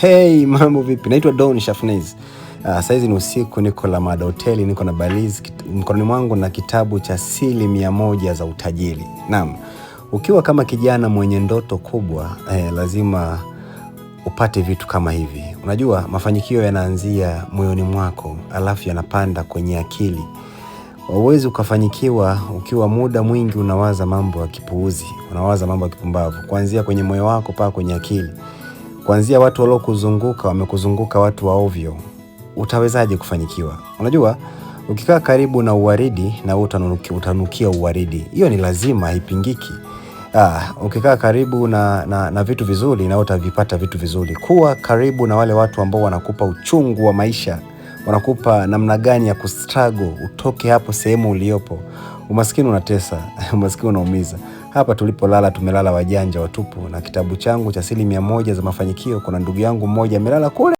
Hey, mambo vipi? Naitwa Don Shafnez. Uh, ah, saizi ni usiku, niko la Mada hoteli, niko na balizi mkononi mwangu na kitabu cha Siri mia moja za Utajiri. Naam, ukiwa kama kijana mwenye ndoto kubwa eh, lazima upate vitu kama hivi. Unajua, mafanikio yanaanzia moyoni mwako, alafu yanapanda kwenye akili. Huwezi ukafanikiwa ukiwa muda mwingi unawaza mambo ya kipuuzi, unawaza mambo ya kipumbavu, kuanzia kwenye moyo wako paka kwenye akili kuanzia watu waliokuzunguka wamekuzunguka watu wa ovyo, utawezaje kufanikiwa? Unajua, ukikaa karibu na uwaridi na utanukia, utanukia uwaridi. Hiyo ni lazima, haipingiki. Ah, ukikaa karibu na, na, na vitu vizuri na utavipata vitu vizuri. Kuwa karibu na wale watu ambao wanakupa uchungu wa maisha, wanakupa namna gani ya kustruggle utoke hapo sehemu uliopo. Umaskini unatesa, umaskini unaumiza. Hapa tulipolala tumelala wajanja watupu, na kitabu changu cha siri mia moja za mafanikio, kuna ndugu yangu mmoja amelala kule.